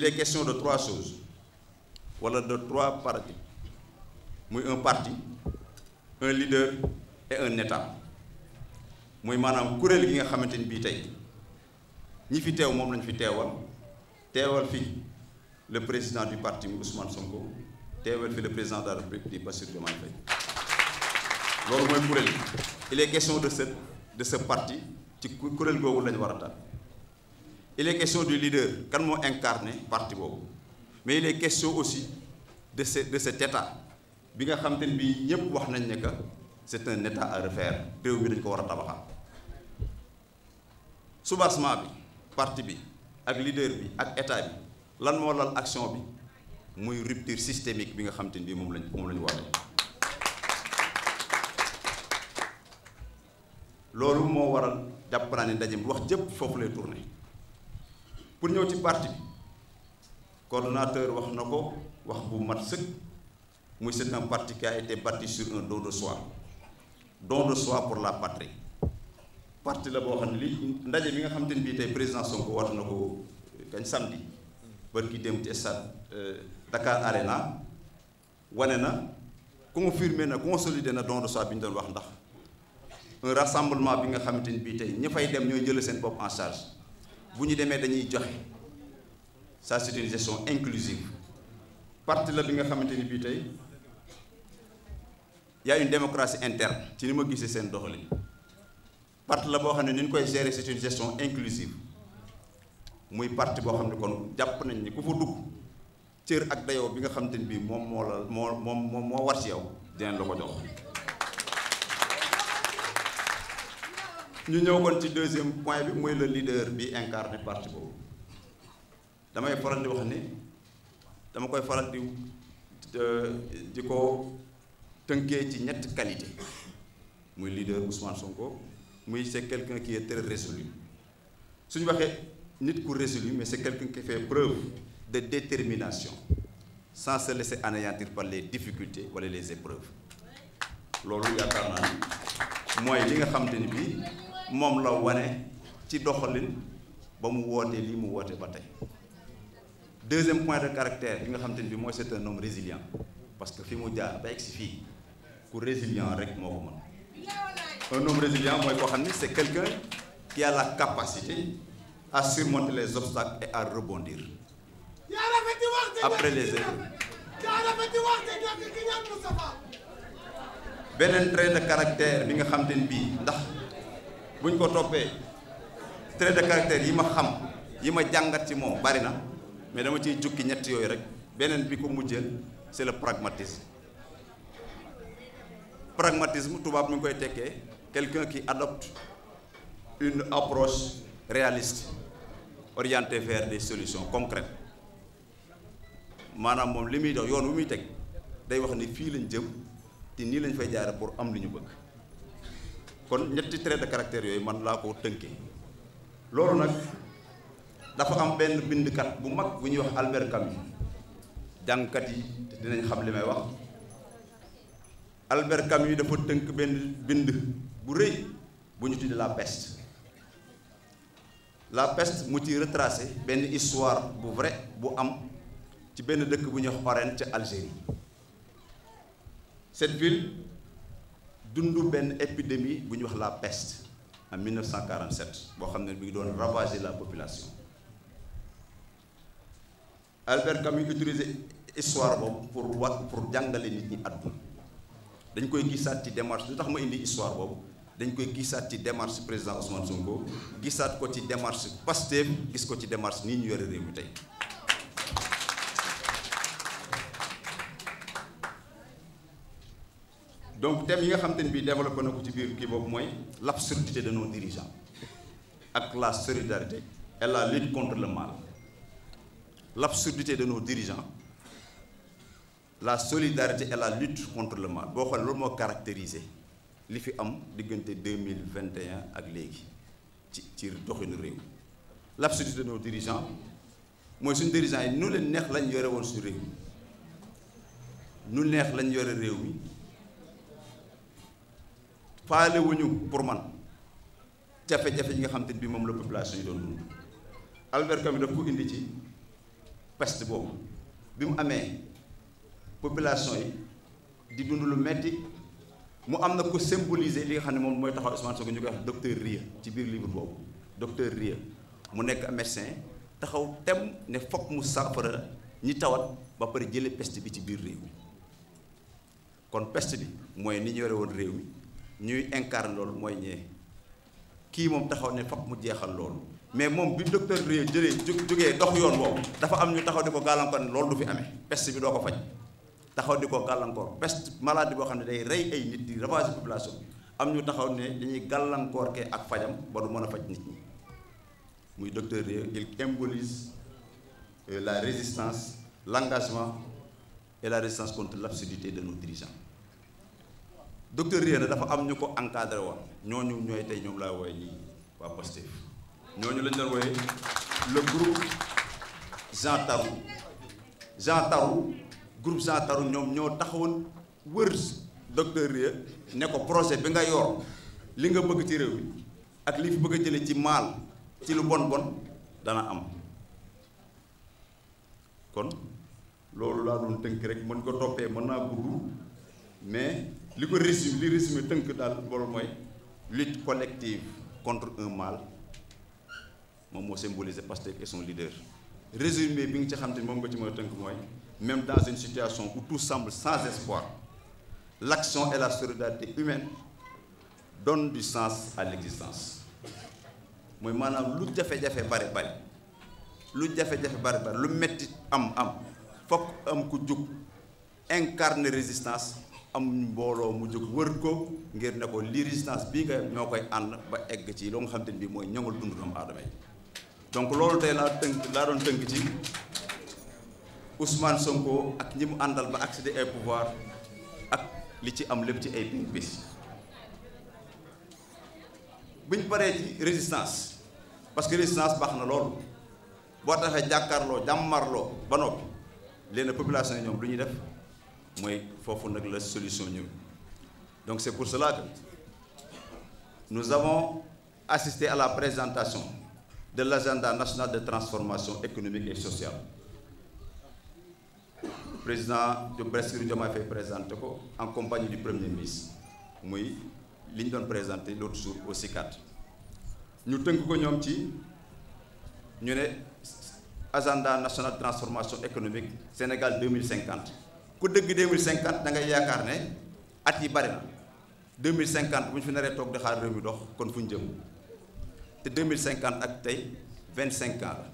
il est question de trois choses wala de trois partis muy un parti un leader et un état muy maanaam kuréel gi nga xamante ni bii tey ñi fi teew moom lañu fi teewal teewal fi le président du parti mu Ousmane Sonko teewal fi le président de la République di Bassirou Diomaye loolu mooy kuréel il est question de ce de ce parti ci kuréel googu lañu war a taal il est question du leader kan moo incarné parti boobu mais il est question aussi de ce de cet état bi nga xam te ne bii ñëpp wax nañ ne que c'est un état à refaire réew bi dañ ko war a tabaxal soubassement bi parti bi ak leader bi ak état bi lan moo lal action bi muy rupture systemique bi nga xam te ne bii moom lañ moom la ñu woote loolu moo waral jàpp naa ne ndaje mi wax jëpp foofu lay tourner. pour ñëw ci parti bi wax na ko wax bu mat sëkk muy c'est un parti qui a été bâti sur un don de soi don de soi pour la patrie parti la boo xam ne li ndaje bi nga xam te ne bii tey président Sonko woote na ko kañ samedi bër ki dem ci stade euh, Dakar Arena wane na confirmé na consolidé na don de soi bi ñu doon wax ndax un rassemblement bi nga xamante ni bii tey ña fay dem ñooy jël seen bopp en charge bu ñu demee dañuy joxe sa c'est une gestion inclusive parti la bi nga xamante ni bii tey y a une démocratie interne ci ni ma gisee seen doxalin parti la boo xam ne ni ñu koy gérer c'est une gestion inclusive muy parti boo xam ne kon jàpp nañ ni ku fa dugg cër ak dayoo bi nga xamante ni bii moom moo la moo moom moo war ci yow dinañ la ko jox. ñu ñëw kon ci deuxième point bi mooy le leader bi incarné parti boobu damay faral di wax ni dama koy faral di euh, di ko tënkee ci ñetti qualité muy leader Ousmane Sonko muy c'est quelqu'un qui est très résolu suñu waxee nit ku résolu mais c'est quelqu'un qui fait preuve de détermination sans se laisser anéantir par les difficultés wala les épreuves loolu yaakaar naa mooy li nga xamante ni bii moom la wane ci doxalin ba mu wootee lii mu wootee ba tey deuxième point de caractère bi nga xam te ne bi mooy c'est un homme résilient parce que fi mu jaar ba egsi fii ku résilient rek moo ko mën mooy koo xam ni c'est quelqu'un qui a capacité à surmonter les obstacles et à les beneen trait de caractère bi nga xam te ne bii ndax buñ ko toppee trait de caractère yi ma xam yi ma jàngat ci moom bari na mais dama ciy jukki ñetti yooyu rek beneen bi ko mujjeel c'est le pragmatisme pragmatisme tubaab mi ngi koy tekkee quelqu'un qui adopte une approche réaliste orientée vers des solutions concrètes maanaam moom li muy dox yoon wu muy teg day wax ni fii lañ jëm te nii lañ fay jaare pour am lu ñu bëgg kon ñetti trait de caractère yooyu man laa ko tënke loolu nag dafa am benn bindkat bu mag bu ñuy wax Albert Camus jàngkat yi dinañ xam li may wax Albert Camus dafa tënk benn bind bu rëy bu ñu tuddee la peste la peste mu ci retracé benn histoire bu vrai bu am ci benn dëkk bu ñuy wax Oran ca Algérie dundu benn épidémie bu ñu wax la peste en 1947 boo xam ne bi ngi doon ravager la population Albert Camus utilisé histoire boobu pour wat pour jàngale nit ñi àdduna dañ koy gisaat ci démarche lu tax ma indi histoire boobu dañ koy gisaat ci démarche président Ousmane Sonko gisaat ko ci démarche Pastef gis ko ci démarche nii ñu yore réew mi tey donc thème yi nga xam te ne bii développé na ko ci biir kii boobu mooy la de nos dirigeants ak la solidarité et la lutte contre le mal l'absurdité de nos dirigeants la solidarité et la lutte contre boo mal boo xoolee loolu moo caractérisé li fi am diggante deux mille vingt un ak léegi ci ci doxinu réew la de nos dirigeants mooy suñu dirigeants yi nu leen neex lañu yore woon suñu réew mi nu neex lañu yore réew mi faale wuñu pour man jafe-jafe ji nga xam te bi moom la population yi doon dund Albert Camus daf ko indi ci peste boobu bi mu amee population yi di dund lu metti mu am na ko symboliser li nga xam ne moom mooy taxaw Ousmane Sonko ñu koy wax docteur Rieu ci biir livre boobu docteur Rieu mu nekk médecin taxaw tem ne fokk mu saafara ñi tawat ba pare jële pest bi ci biir réew mi kon peste bi mooy ni ñu yore woon réew mi ñuy incarne loolu mooy ñee kii moom taxaw ne fokk mu jeexal loolu mais moom bi docteur Rieux jëlee jógee dox yoon boobu dafa am ñu taxaw di ko gàllankoor ne loolu du fi amee pest bi doo ko faj taxaw di ko gàllankoor peste maladie boo xam ne day rey ay nit di ravager population bi am ñu taxaw ne dañuy gàllankoor kee ak fajam ba du mën a faj nit ñi muy docteur Rieux il symbolise euh, la résistance l'engagement et la résistance contre l'absurdité de nos dirigeants docteur Riera dafa am ñu ko encadré ñoo ñooñu ñooy tey ñoom laa wooye ñi waa Pastef ñooñu lañ doon wooye le groupe Jean Tarou Jean Tarou groupe Jean Tarou ñoom ñoo taxawoon wër docteur Riera ne ko projet bi nga yor li nga bëgg ci réew mi ak li fi bëgg a jële ci maal ci lu bon bon dana am kon loolu laa doon tënk rek mën ko toppee mën naa gudd mais li ko résumé li résumé tënk daal loolu mooy lutte collective contre un mal moom moo symbolisé Pastef et son leader résime bi nga ci xam te moom nga ci mën a tënk mooy même dans une situation où tout semble sans espoir l'action et la solidarité humaine donnent du sens à l'existence mooy maanaam lu jafe-jafe bari bari lu jafe-jafe bari bari lu metti am am fokk am ku jug incarne résistance amuñu mbooloo mu jóg wër ko ngir ne ko lii résistance bii nga ñoo koy ànd ba egg ci loo nga xam te ne bii mooy ñoŋal dundu doomu aadama yi donc loolu tey laa tënk laa doon tënk ci Ousmane Sonko ak ñi mu àndal ba accéder ay pouvoir ak li ci am lépp ci ay bis buñ paree ci résistance parce que résistance baax na loolu boo taxee jàkkaarloo jàmmarloo ba noppi leen population yi ñoom du ñuy def. mooy foofu nag la solution ñu donc c'est pour cela que nous avons assisté à la présentation de l'agenda national de transformation économique et sociale le président Bassirou Diomaye Faye présenté ko en compagnie du premier ministre muy li ñu doon présenté l'autre jour aussi CICAD ñu tënk ko ñoom ci ñu ne agenda national de transformation économique Sénégal 2050 ku dëgg 2050 da ngay yaakaar ne at yi bari na cinquante bu ñu fi naree toog di xaar réew mi dox kon fu ñu jëm te mille cinquante ak tey vingt ans la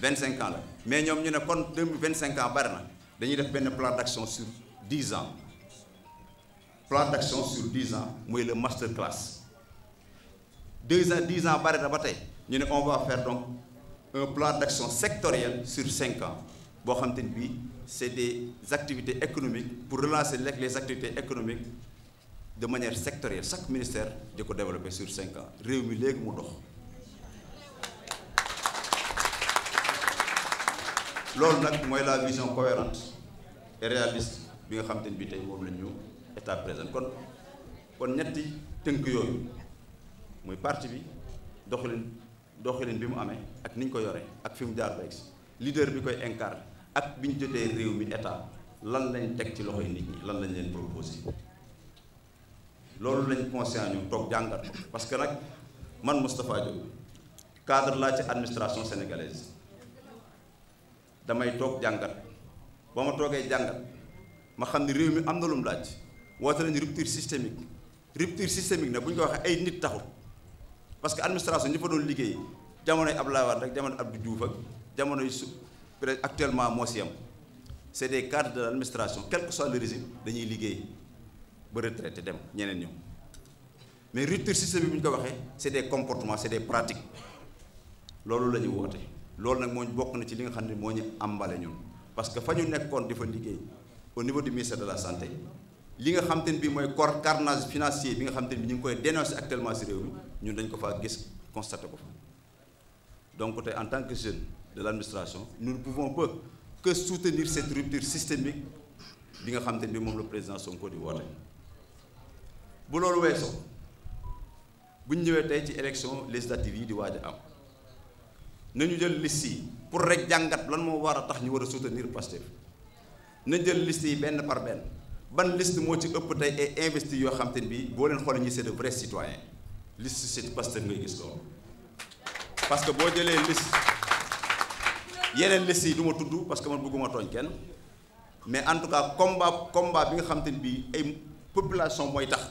25 cinquante la mais ñoom ñu ne kon 2025 ans bari na dañuy def benn plan d'action sur 10 ans plan d'action sur 10 ans mooy le master class 2 ans 10 ans bari ba tey ñu ne on va faire donc un plan d'action sectoriel sur 5 ans. boo xam te ne bii c' est des activités économiques pour relancer lekk les activités économiques de manière sectorielle chaque ministère di ko développer sur cinq ans réew mi léegi mu dox loolu nag mooy la vision cohérente et réaliste bi nga xam te ne bii tey moom la ñu état présent kon kon ñetti tënk yooyu muy parti bi doxalin doxalin bi mu amee ak ni ñu ko yoree ak fi mu jaar ba bi koy incarne ak bi ñu jotee réew mi état lan lañ teg ci loxoy nit ñi lan lañ leen proposé loolu lañ conscient ñu toog jàngat parce que nag man Moustapha Diop cadre laa ci administration sénégalaise damay toog jàngat ba ma toogee jàngat ma xam ni réew mi am na lu mu laaj woote nañu rupture systémique rupture systémique nag bu ñu ko waxee ay nit taxul parce que administration ñi fa doon liggéey jamonoy ab Wade rek jamono Abdou Diouf ak jamonoy su. actuellement moo si am c'est des cadres de l'administration quel que soit le régime dañuy liggéey ba retraité dem ñeneen ñëw mais rupture système bi bu ñu ko waxee c'est des comportements c'est des pratiques loolu la ñu woote loolu nag moo bokk na ci li nga xam ne moo ñu ambale ñun parce que fa ñu nekkoon di fa liggéey au niveau du ministère de la santé li nga xam te ne bii mooy cor carnage financier bi nga xam te ne ñu ngi koy dénoncer actuellement si réew mi ñun dañ ko faa gis constaté ko donc tey en tant que jeune. de l'administration nous ne pouvons pas que soutenir cette rupture systémique bi nga xam te ni moom la président Sonko di woote bu loolu weesoo bu ñu ñëwee tey ci élection législative yi di waaj a am ñu jël liste yi pour rek jàngat lan moo war a tax ñu war a soutenir Pastef na jël liste yi benn par benn ban liste moo ci ëpp tey et investi yoo xam te bii boo leen xoolee ñi c'est de vrais citoyens liste c'est Pastef ngay gis loolu parce que boo jëlee liste. yeneen liste yi du ma tudd parce que man bëgguma tooñ kenn mais en tout cas combat combat bi nga xam te bii ay population mooy tax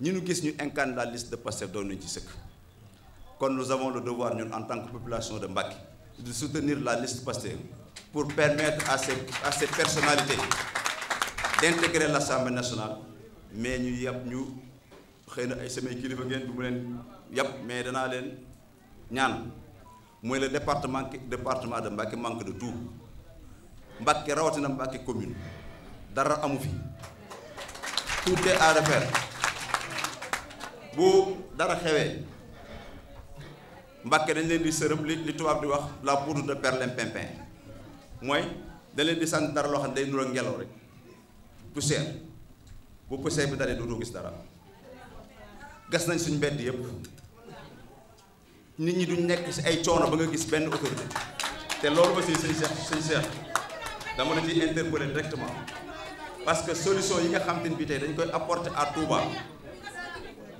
ñu nu gis ñu incarne la liste de Pastef doon nañ ci sëkk kon nous avons le devoir ñun en tant que population de Mbacké de soutenir la liste Pastef pour permettre à ces à ces personnalités d'intégrer l'Assemblée nationale mais ñu yàpp ñu xëy na ay samay kilifa ngeen du mu leen yàpp mais danaa leen ñaan mooy le département département de Mbacké manque de tout Mbacké rawatina Mbacké commune dara amu fi tout est à refaire bu dara xewee Mbacké dañ leen di sërëm li li tubaab di wax la poudre de perlimpinpin mooy dañ leen di sant dara loo xam ne day nura ngelaw rek poussière bu poussière bi dalee dootoo gis dara gas nañ suñ mbedd yëpp. nit ñi duñ nekk si ay coono ba nga gis benn autorité te loolu aussi sëñ Cheikh sëñ Cheikh dama la ciy interpeller directement parce que solution yi nga xam te ne bii tey dañ koy apporter à Touba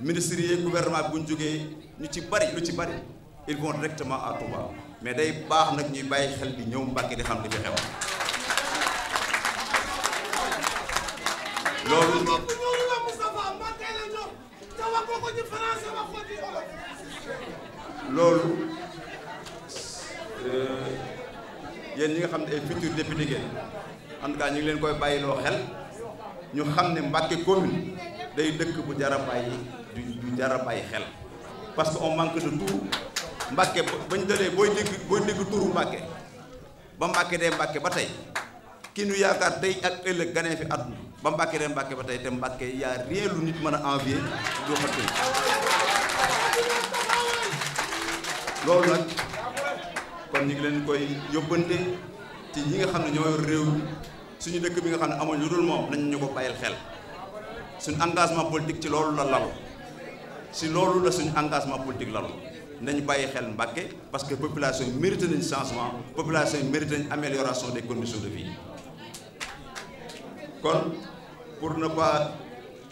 ministres yi gouvernement bi bu ñu jógee ñu ci bari lu ci bari ils vont directement ak Touba mais day baax nag ñuy bàyyi xel di ñëw Mbàkke di xam li fi xew. loolu euh, yéen ñi nga xam ne ay futurs députés ngeen en tout cas ñu leen koy bàyyi loo xel ñu xam ne Mbacké commune day dëkk bu jar a bàyyi du du jar a bàyyi xel parce que on manque de tout Mbacké bañ dalee booy dégg booy dégg turu Mbacké ba Mbacké dee Mbacké ba tey ki ñu yaakaar tey ak ëllëg ganee fi ba Mbacké dee Mbacké ba tey te Mbacké y a lu nit mën a envier doo fa loolu nag kon ñu ngi leen koy yóbbante ci ñi nga xam ne ñoo yor réew suñu dëkk bi nga xam ne amuñ lu dul moom nañ ñu ko bàyyil xel suñu engagement politique ci loolu la lalu si loolu la suñu engagement politique lalu nañu bàyyi xel Mbàkke parce que population yi mérite nañ changement population yi mérite nañ amélioration des conditions de vie kon pour ne pas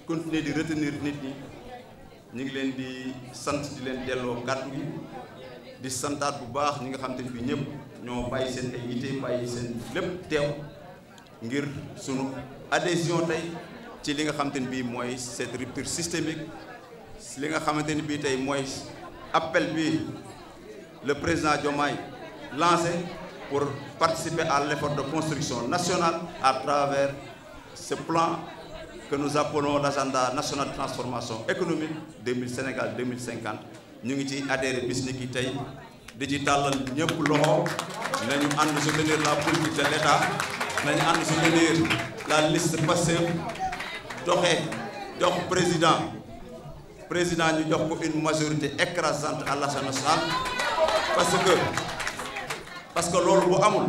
continuer di retenir nit ñi ñu ngi leen di sant di leen delloo kàddu gi di santaat bu baax ñi nga xam ne bi ñëpp ñoo bàyyi seen ay yitte bàyyi seen lépp teew ngir sunu adhésion tey ci li nga xamante ni bii mooy cette rupture systémique li nga xamante ni bii tey mooy appel bi le président Diomaye lancé pour participer à l'effort de construction nationale à travers ce plan que nous appelons l'agenda national de transformation économique 2000 Sénégal 2050 ñu ngi ci adhéré bis ni ki tey di ci tàllal ñëpp loxo nañu ànd soutenir la politique de l'État nañu ànd soutenir la liste Pastef doxee jox président président ñu jox ko une majorité écrasante à l'Assemblée nationale parce que parce que loolu bu amul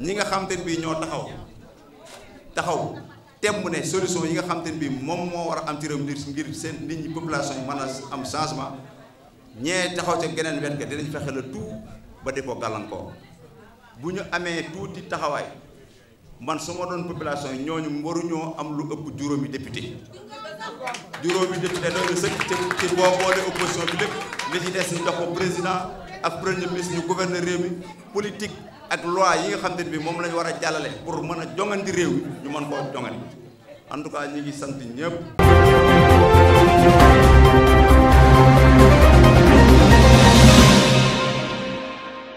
ñi nga xam te ne bii ñoo taxaw taxaw temb ne solution yi nga xam te ne bii moom moo war a am ci ngir seen nit ñi population yi mën a am changement ñee taxaw ca geneen wet ga dinañ fexe la tout ba di ko gàllankoor bu ñu amee tuuti taxawaay man su ma doon population yi ñoo ñooñu waruñoo am lu ëpp juróomi député juróomi député loolu sëkk ci boo boole opposition bi lépp li ci des ñu ko président ak premier ministre ñu gouverneur réew mi politique ak loi yi nga xam ne bi moom la ñu war a jàllale pour mën a jongandi réew ñu mën koo jongandi en tout cas ñu ngi sant ñëpp.